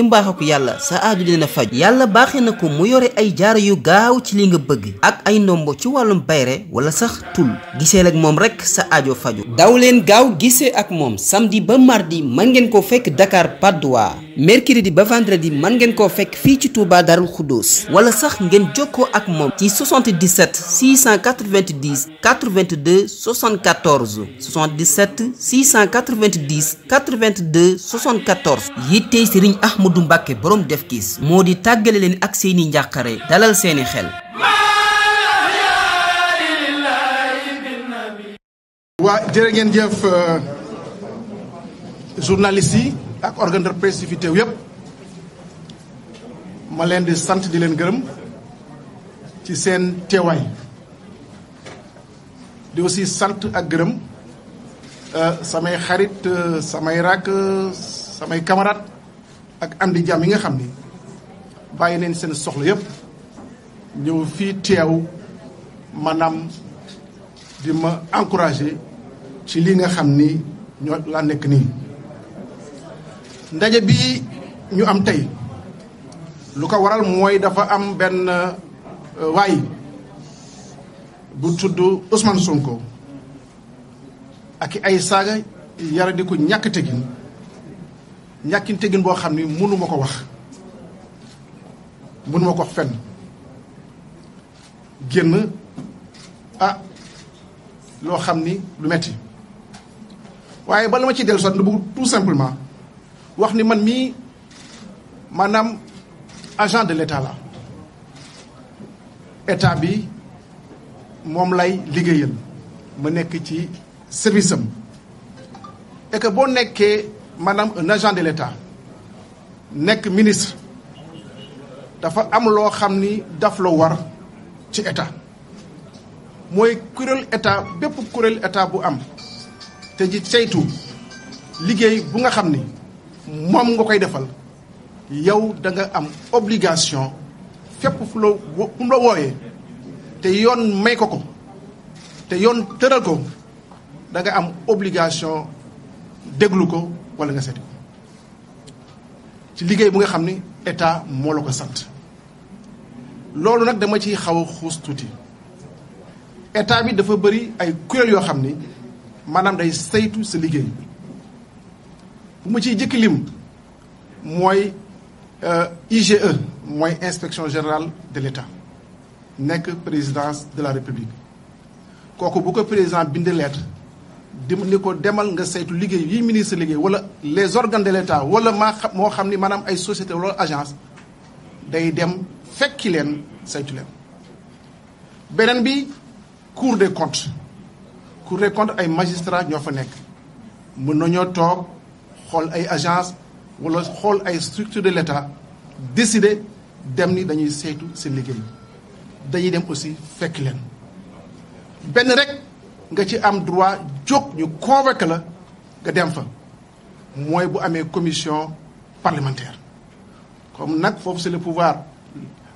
ci mbaax yàlla sa aaju dina faj yàlla baaxee na ko mu yore ay jaaro yu gaaw ci li nga bëgg ak ay ndombo ci wàllum bayre wala sax tul gisee ak moom rek sa aajo faju daw leen gaaw gisee ak moom samedi ba mardi ma ngeen ko fekk dakaar Patte mercredi ba vendredi man ngeen koo fekk fii ci Touba Darou Khoudoss wala sax ngeen jokkoo ak moom ci 77 690 82 74 77 690 82 74 yittey Serigne Ahmadou Mbacke borom def kiis moo di tàggale leen ak seeni njàqare dalal seeni xel. waa jërë ngeen jëf euh, journaliste yi. ak organe de presse fi teew yëpp ma leen di sant di leen gërëm ci seen teewaay di aussi sant ak gërëm euh, samay xarit euh, samay rakk samay camarade ak andi di jàmm yi nga xam ni bàyyi nañ seen soxla yëpp ñëw fii teew maanaam di ma encourager ci li nga xam ni ñoo laa nekk nii ndaje bi ñu am tey lu ko waral mooy dafa am benn euh, waay bu tudd Ousmane Sonko ak i ay saaga yara di ko ñàkk tegin ñàkkin tegin boo xam ni mënu ko wax mënu ko wax fenn génn ah loo xam ni lu metti waaye bala ma ci dellu soit na tout simplement wax ni man mii maanaam agent de l'état la état bi moom lay liggéeyal ma nekk ci service am boo nekkee maanaam un agent de l'état nekk ministre dafa am loo xam ni daf la war ci état mooy kuréel état bépp kuréel état bu am te ji saytu liggéey bu nga xam ni moom nga koy defal yow danga am obligation fépp fu la wo fu la wooyee te yoon may ko ko te yoon tëral ko da nga am obligation déglu ko wala nga seeti ko ci liggéey bu nga xam ni état moo la ko sant loolu nag dama ciy xaw a xuus tuuti état bi dafa bëri ay kuréel yoo xam ni maanaam day saytu sa liggéey. bu ma ciy jëkk lim mooy euh, IGE mooy inspection générale de l'État nekk présidence de la République kooku bu ko président bindee lettre dim ni ko demal nga saytu liggéey yi ministre liggéey wala les organes de l'État wala maa xam moo xam ni maanaam ay société wala agence day dem fekki leen saytu leen beneen bi Cour des comptes Cour de comptes ay magistrats ñoo fa nekk mën nañoo toog xool ay agence wala xool ay structure de l'État décider dem ni dañuy saytu seen liggéey dañuy dem aussi fekk leen benn rek nga ci am droit jóg ñu convoqué nga dem fa mooy bu amee commission parlementaire comme nag foofu c'est le pouvoir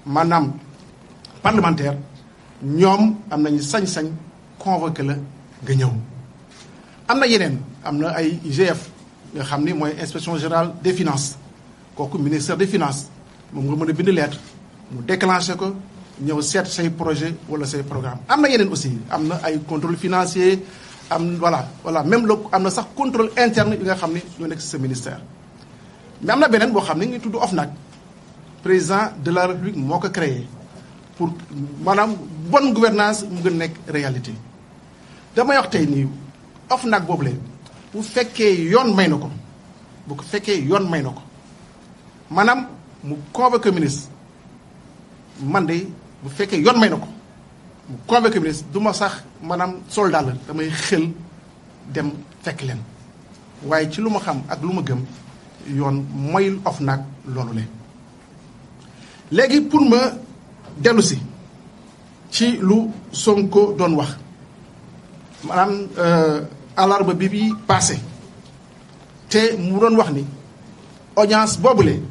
maanaam parlementaire ñoom am nañu sañ-sañ convoqué nga ñëw am na yeneen am na ay IGF nga xam ni mooy inspection générale des finances kooku ministère des finance moom nga mën a bind lettre mu déclenché ko ñëw seet say projet wala say programme am na yeneen aussi am na ay contrôle financier am voilà voilà même le am na sax contrôle interne bi nga xam ni ñoo nekk sa ministère mais am na beneen boo xam ne ngi tudd nag président de la république moo ko créé pour maanaam bon gouvernance mu gën nekk réalité damay wax tey nii OFNAC boobu leen bu fekkee yoon may na ko bu ko fekkee yoon may na ko maanaam mu convoqué man de bu fekkee yoon may na ko mu convoqué duma sax maanaam soldat la damay xel dem fekk leen waaye ci lu ma xam ak lu ma gëm yoon mayul of nag loolu le léegi pour ma dellusi ci lu Sonko doon wax maanaam euh, alarba bi bi passé te mu doon wax ni audience boobule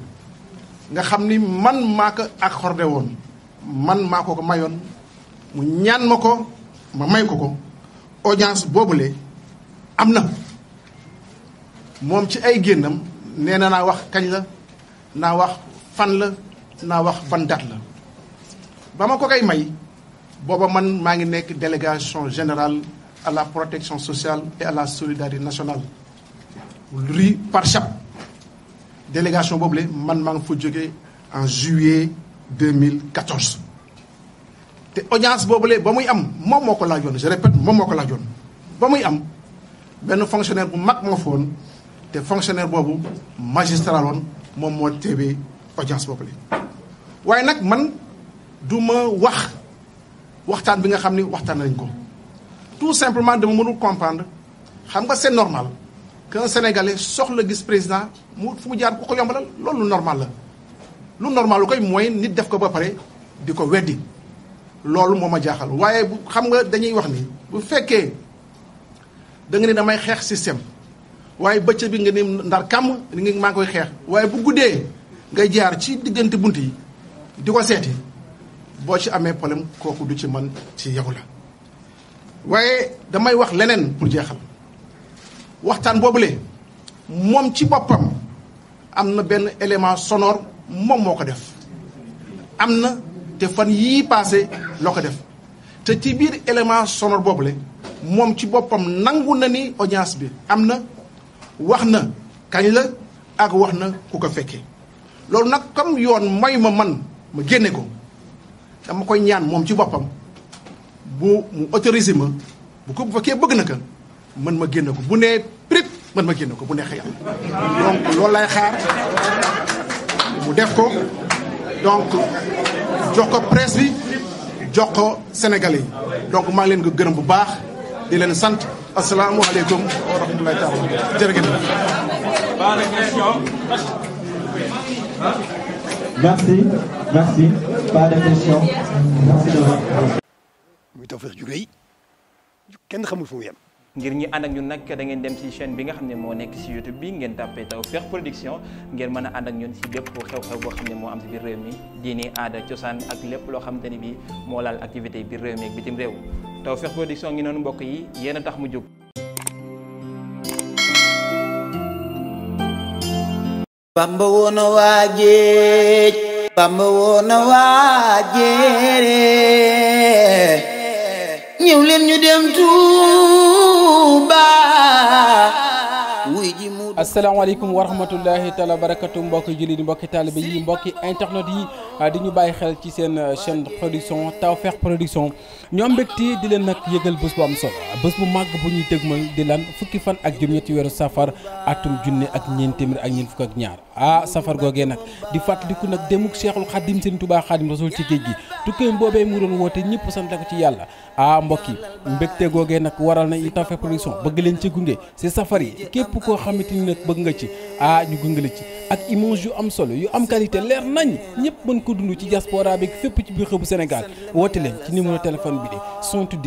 nga xam ni man maa ko accordé woon man maa ko ko mayoon mu ñaan ma ko ma may ko ko audience boobule am na moom ci ay génnam nee na naa wax kañ la naa wax fan la naa wax ban date la ba ma ko kay may booba man maa ngi nekk délégation général à la protection sociale et à la solidarité nationale par Parchap délégation boobu le man maa ngi fa jógee en juillet 2014 te audience le ba muy am moom moo ko laajoon je répète moom moo ko laajoon ba muy am benn fonctionnaire bu mag moo foon te fonctionnaire boobu magistral moom moo teebee audience boobule. waaye nag man du ma wax waxtaan bi nga xam ni waxtaan nañ ko. tout simplement dama mënul comprendre xam nga c'est normal qu'un Sénégalais soxla gis président mu fu mu jaar ku ko yombalal loolu normal la lu normal lu koy mooy nit def ko ba pare di ko weddi loolu moo a jaaxal waaye bu xam nga dañuy wax ni bu fekkee da nga ne damay xeex système waaye bëccëg bi nga ni ndar kàmm ni ngi maa ngi koy xeex waaye bu guddee ngay jaar ci diggante bunt yi di ko seeti boo ci amee problème kooku du ci man ci yow la waaye damay wax leneen pour jeexal waxtaan boobule moom ci boppam am na benn élément sonore moom moo ko def am na te fan yii passé loo ko def te ci biir élément sonore boobule moom ci boppam nangu na ni audience bi am na wax na kañ la ak wax na ku ko fekke loolu nag comme yoon mooy ma man ma génne ko dama koy ñaan moom ci boppam bu mu autorisé ma bu ko bu fekkee bëgg na ka man ma génn ko bu nee prit man ma génn ko bu neexee yàlla donc loolu lay xaar mu def ko donc jox ko presse bi jox ko sénégalais yi donc maa leen ko gërëm bu baax di leen sant asalaamualeykum wa rahmatulahi taala jërë ngeen merci merci pas de question Tawfekh ju rëy kenn xamul ñi ànd ak ñun nag da ngeen dem ci chaîne bi nga xam ne moo nekk ci bi ngeen tàppee Tawfekh Production ngeen a ànd ak ñun ci bépp xew-xew xam ne cosaan ak lépp loo xamante ni bi moo laal activité biir réew mi ak bitim réew Tawfekh Production ngi noonu mbokk yi yéen a tax mu jóg. na waa géej ñëw leen ñu dem Touba wuy ji mu asalaamaaleykum wa rahmatullahi taala barakatu mbokki jullit yi mbokki taalibe yi mbokki internet yi Ah, di ñu bàyyi xel ci seen euh, chaîne production Tawfekh production ñoom mbégte di leen nag yëgal bés bu am solo bés bu màgg bu ñuy dëgmal di lan fukki fan ak juróom ñetti ci weeru safar atum junne ak ñeent téeméer ak ñeent fukk ak ñaar ah safar googee nag di fàttaliku nag demuk Seexul Xadim seen Tuubaa Xadim Rasul ci géej gi tukkeem boobee mu doon woote ñëpp sant ko ci yàlla ah mbokk yi mbégte googee nag waral na Tawfekh production bëgg leen ci gunge si safar yi képp koo xamante ni nag bëgg nga ci ah ñu gunge la ci ak image yu am solo yu am qualité leer nañ ñëpp mën ko dund ci diaspora bi fépp ci biir xëbu Sénégal woote leen ci numéro téléphone bi di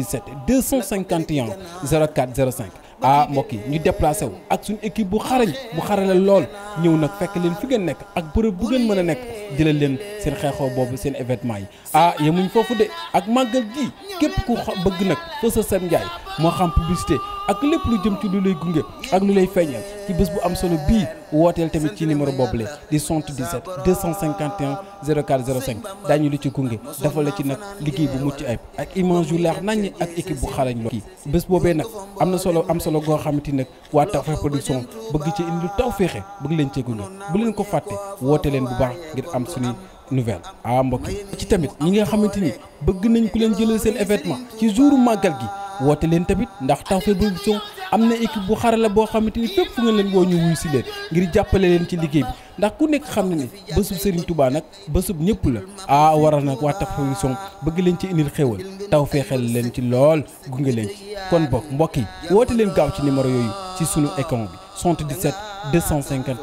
77 251 04 05 ah mbokk yi ñu déplacé wu ak suñu équipe bu xarañ bu xarale lool ñëw nag fekk leen fi ngeen nekk ak bërëb bu ngeen mën a nekk jëlal leen seen xeexoo boobu seen évétement yi ah yemuñ foofu de ak màggal gi képp ku bëgg nag fësal seen njaay moo xam publicité ak lépp lu jëm ci lu lay gunge ak lu lay feeñal ci bés bu am solo bii wooteel tamit ci numéro boobule di 77 251 04 05 daañu lu ci gunge dafa la ci nag liggéey bu mucc ayib ak image yu leer naññ ak équipe bu xarañ lool. bés boobee nag am na solo am solo goo xamante ni nag waa Tawfekh Production bëgg ci indi lu taw féexe bëgg leen cee gunge bu leen ko fàtte woote leen bu baax ngir am suñuy. nouvelle ah mbokk yi ci tamit ñi nga xamante ni bëgg nañ ku leen jëlal seen événement ci jouru màggal gi woote leen tamit ndax Tawfekh Production am na équipe bu xarala boo xamante ni fépp fu nga leen woo ñu wuyu si leen ngir jàppale leen ci liggéey bi ndax ku nekk xam ne ne bésub Serigne Touba nag bésub ñëpp la ah waral nag waa Tawfekh Production bëgg leen ci indil xéwal taw feexal leen ci lool gunge leen ci kon bokk mbokk yi woote leen gaaw ci numéro yooyu ci sunu écran bi 77 251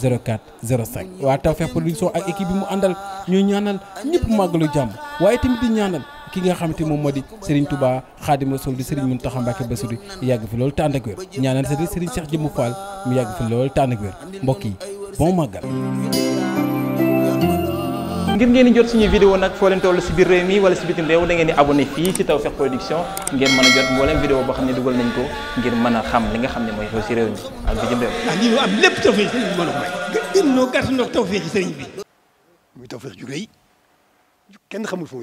04 05 waa Tawfekh Production ak équipe bi mu àndal ñuy ñaanal ñëpp màggalu jàmm waaye tamit di ñaanal. ki nga xamante moom moo di Serigne Touba Khadim Rasoul di Serigne Mountakha Mbacké Bassirou yàgg fi loolu tànn ak wér ñaanal sa Serigne Cheikh Jëmmu mu yàgg fi loolu tànn mbokk yi bon màggal. ngir ngeen di jot suñu vidéo nag foo leen toll si biir réew mi wala si bitim réew da ngeen di abonné fii si Tawfekh Production ngeen mën a jot mboolem vidéo boo xam ne dugal nañ ko ngir mën a xam li nga xam ne mooy xew si réew mi ak ah, bi mën a may. gën noo gàtt noo Tawfekh sëriñ kenn xamul fu mu